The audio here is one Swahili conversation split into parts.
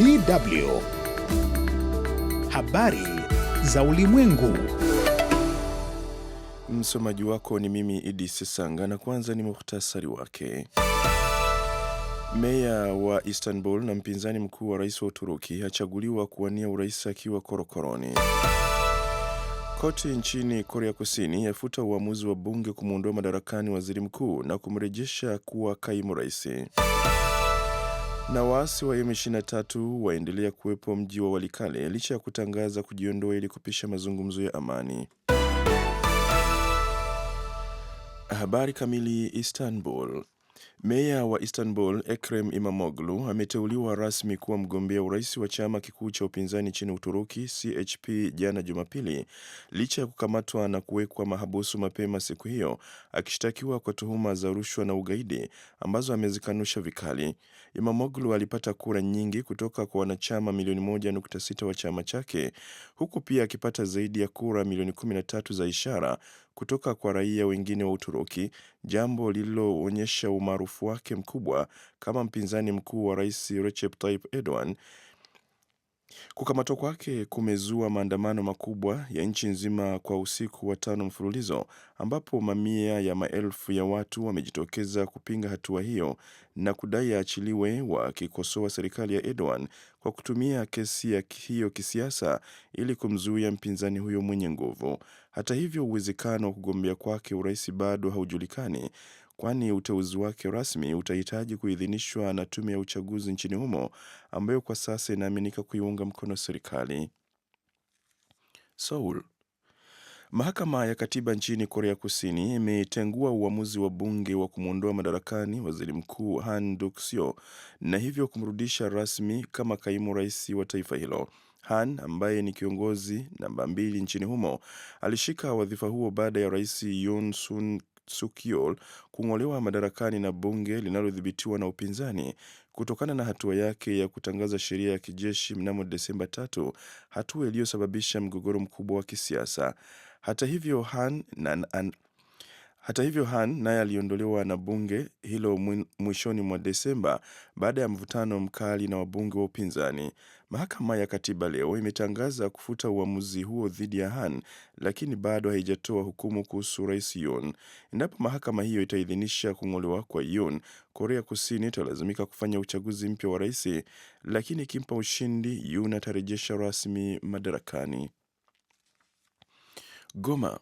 DW Habari za Ulimwengu. Msomaji wako ni mimi Idi Sesanga, na kwanza ni muhtasari wake. Meya wa Istanbul na mpinzani mkuu wa rais wa Uturuki achaguliwa kuwania urais akiwa korokoroni. Koti nchini Korea Kusini yafuta uamuzi wa bunge kumwondoa madarakani waziri mkuu na kumrejesha kuwa kaimu rais. Na waasi wa M23 waendelea kuwepo mji wa Walikale licha ya kutangaza kujiondoa ili kupisha mazungumzo ya amani. Habari kamili. Istanbul, Meya wa Istanbul Ekrem Imamoglu ameteuliwa rasmi kuwa mgombea urais wa chama kikuu cha upinzani nchini Uturuki CHP jana Jumapili, licha ya kukamatwa na kuwekwa mahabusu mapema siku hiyo akishtakiwa kwa tuhuma za rushwa na ugaidi ambazo amezikanusha vikali. Imamoglu alipata kura nyingi kutoka kwa wanachama milioni 1.6 wa chama chake, huku pia akipata zaidi ya kura milioni 13 za ishara kutoka kwa raia wengine wa Uturuki, jambo lililoonyesha umaarufu wake mkubwa kama mpinzani mkuu wa Rais Recep Tayyip Erdogan Kukamatwa kwake kumezua maandamano makubwa ya nchi nzima kwa usiku wa tano mfululizo ambapo mamia ya maelfu ya watu wamejitokeza kupinga hatua hiyo na kudai aachiliwe wakikosoa serikali ya Erdogan kwa kutumia kesi ya hiyo kisiasa ili kumzuia mpinzani huyo mwenye nguvu. Hata hivyo, uwezekano wa kugombea kwake urais bado haujulikani kwani uteuzi wake rasmi utahitaji kuidhinishwa na tume ya uchaguzi nchini humo ambayo kwa sasa inaaminika kuiunga mkono serikali. Seoul. Mahakama ya Katiba nchini Korea Kusini imetengua uamuzi wa bunge wa kumwondoa madarakani waziri mkuu Han Duksio na hivyo kumrudisha rasmi kama kaimu rais wa taifa hilo. Han ambaye ni kiongozi namba mbili nchini humo alishika wadhifa huo baada ya rais Yoon Suk Sukiol kung'olewa madarakani na bunge linalodhibitiwa na upinzani kutokana na hatua yake ya kutangaza sheria ya kijeshi mnamo Desemba tatu, hatua iliyosababisha mgogoro mkubwa wa kisiasa. Hata hivyo, Han na, na, hata hivyo Han naye aliondolewa na bunge hilo mwishoni mwa Desemba baada ya mvutano mkali na wabunge wa upinzani. Mahakama ya Katiba leo imetangaza kufuta uamuzi huo dhidi ya Han, lakini bado haijatoa hukumu kuhusu Rais Yoon. Endapo mahakama hiyo itaidhinisha kung'olewa kwa Yoon, Korea Kusini italazimika kufanya uchaguzi mpya wa rais, lakini ikimpa ushindi, Yoon atarejesha rasmi madarakani. Goma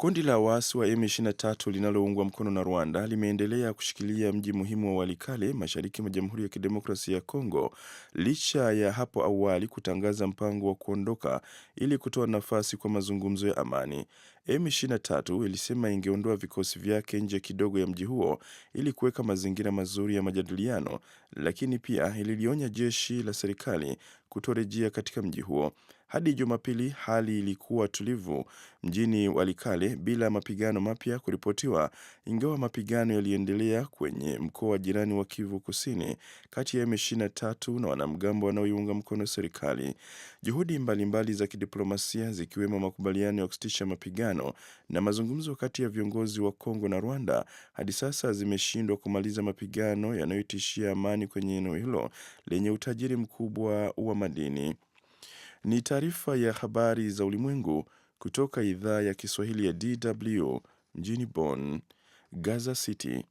Kundi la waasi wa M23 linaloungwa mkono na Rwanda limeendelea kushikilia mji muhimu wa Walikale mashariki mwa Jamhuri ya Kidemokrasia ya Kongo licha ya hapo awali kutangaza mpango wa kuondoka ili kutoa nafasi kwa mazungumzo ya amani. M23 ilisema ingeondoa vikosi vyake nje kidogo ya mji huo ili kuweka mazingira mazuri ya majadiliano, lakini pia ililionya jeshi la serikali kutorejea katika mji huo. Hadi Jumapili hali ilikuwa tulivu mjini Walikale bila mapigano mapya kuripotiwa, ingawa mapigano yaliendelea kwenye mkoa wa jirani wa Kivu Kusini kati ya M23 na wanamgambo wanaoiunga mkono serikali. Juhudi mbalimbali mbali za kidiplomasia zikiwemo makubaliano ya kusitisha mapigano na mazungumzo kati ya viongozi wa Kongo na Rwanda hadi sasa zimeshindwa kumaliza mapigano yanayotishia amani kwenye eneo hilo lenye utajiri mkubwa wa madini ni taarifa ya habari za ulimwengu kutoka idhaa ya Kiswahili ya DW mjini Bonn, Gaza City.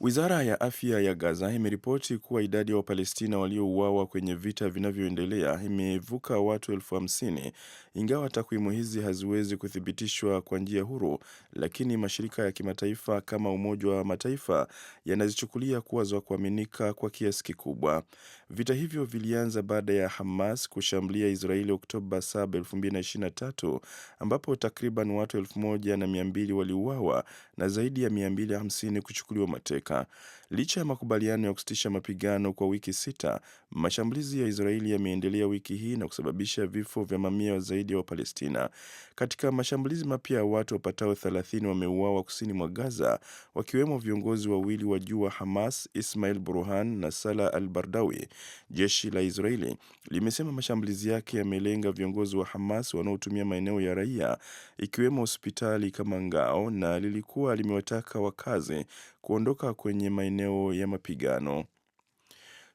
Wizara ya afya ya Gaza imeripoti kuwa idadi ya wa Wapalestina waliouawa kwenye vita vinavyoendelea imevuka watu elfu hamsini ingawa takwimu hizi haziwezi kuthibitishwa kwa njia huru, lakini mashirika ya kimataifa kama Umoja wa Mataifa yanazichukulia kuwa za kuaminika kwa kiasi kikubwa. Vita hivyo vilianza baada ya Hamas kushambulia Israeli Oktoba 7, 2023 ambapo takriban watu 1200 waliuawa na zaidi ya 250 kuchukuliwa mateka. Licha ya makubaliano ya kusitisha mapigano kwa wiki sita, mashambulizi ya Israeli yameendelea wiki hii na kusababisha vifo vya mamia zaidi ya wa Wapalestina. Katika mashambulizi mapya ya watu wapatao 30 wameuawa kusini mwa Gaza, wakiwemo viongozi wawili wa juu wa Hamas, Ismail Burhan na Salah al-Bardawi. Jeshi la Israeli limesema mashambulizi yake yamelenga viongozi wa Hamas wanaotumia maeneo ya raia, ikiwemo hospitali kama ngao, na lilikuwa limewataka wakazi kuondoka kwenye maeneo ya mapigano.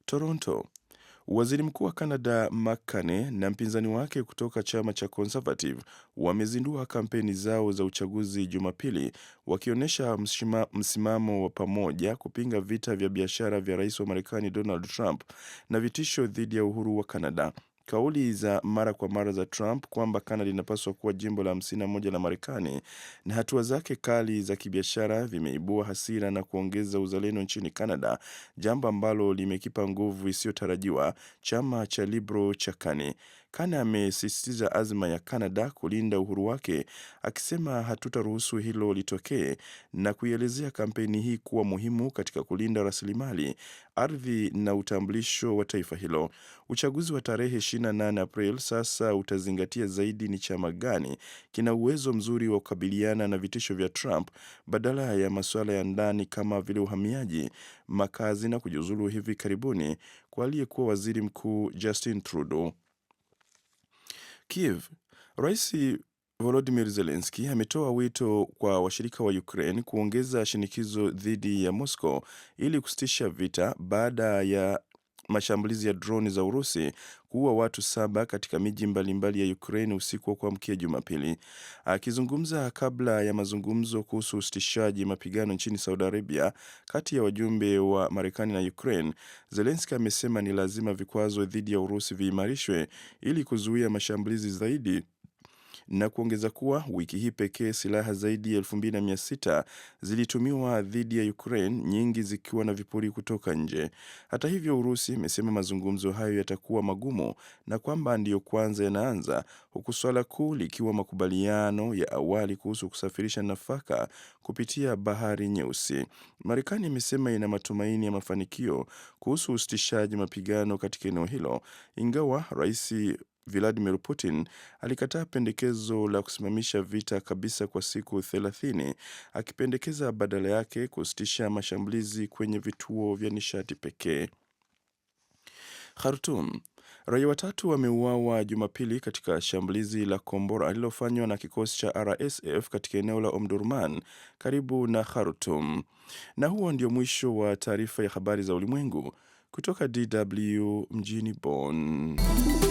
Toronto, waziri mkuu wa Canada Mark Carney na mpinzani wake kutoka chama cha Conservative wamezindua kampeni zao za uchaguzi Jumapili, wakionyesha msimamo wa pamoja kupinga vita vya biashara vya rais wa Marekani Donald Trump na vitisho dhidi ya uhuru wa Canada. Kauli za mara kwa mara za Trump kwamba Kanada inapaswa kuwa jimbo la 51 la Marekani na hatua zake kali za kibiashara vimeibua hasira na kuongeza uzalendo nchini canada jambo ambalo limekipa nguvu isiyotarajiwa chama cha Liberal cha Kani. Kani amesisitiza azma ya canada kulinda uhuru wake, akisema hatutaruhusu hilo litokee na kuielezea kampeni hii kuwa muhimu katika kulinda rasilimali, ardhi na utambulisho wa taifa hilo. Uchaguzi wa tarehe 28 April, sasa utazingatia zaidi ni chama gani kina uwezo mzuri wa kukabiliana na vitisho vya Trump badala ya masuala ya ndani kama vile uhamiaji, makazi na kujiuzulu hivi karibuni kwa aliyekuwa waziri mkuu Justin Trudeau. Kiev, Rais Volodymyr Zelensky ametoa wito kwa washirika wa Ukraine kuongeza shinikizo dhidi ya Moscow ili kusitisha vita baada ya mashambulizi ya droni za Urusi kuua watu saba katika miji mbalimbali ya Ukraine usiku wa kuamkia Jumapili. Akizungumza kabla ya mazungumzo kuhusu usitishaji mapigano nchini Saudi Arabia kati ya wajumbe wa Marekani na Ukraine, zelenski amesema ni lazima vikwazo dhidi ya Urusi viimarishwe ili kuzuia mashambulizi zaidi na kuongeza kuwa wiki hii pekee silaha zaidi ya 2600 zilitumiwa dhidi ya Ukraine, nyingi zikiwa na vipuri kutoka nje. Hata hivyo, Urusi imesema mazungumzo hayo yatakuwa magumu na kwamba ndiyo kwanza yanaanza, huku swala kuu likiwa makubaliano ya awali kuhusu kusafirisha nafaka kupitia bahari Nyeusi. Marekani imesema ina matumaini ya mafanikio kuhusu usitishaji mapigano katika eneo hilo, ingawa rais Vladimir Putin alikataa pendekezo la kusimamisha vita kabisa kwa siku 30 akipendekeza badala yake kusitisha mashambulizi kwenye vituo vya nishati pekee. hartum Raia watatu wameuawa Jumapili katika shambulizi la kombora lililofanywa na kikosi cha RSF katika eneo la Omdurman karibu na Khartoum. Na huo ndio mwisho wa taarifa ya habari za ulimwengu kutoka DW mjini Bonn.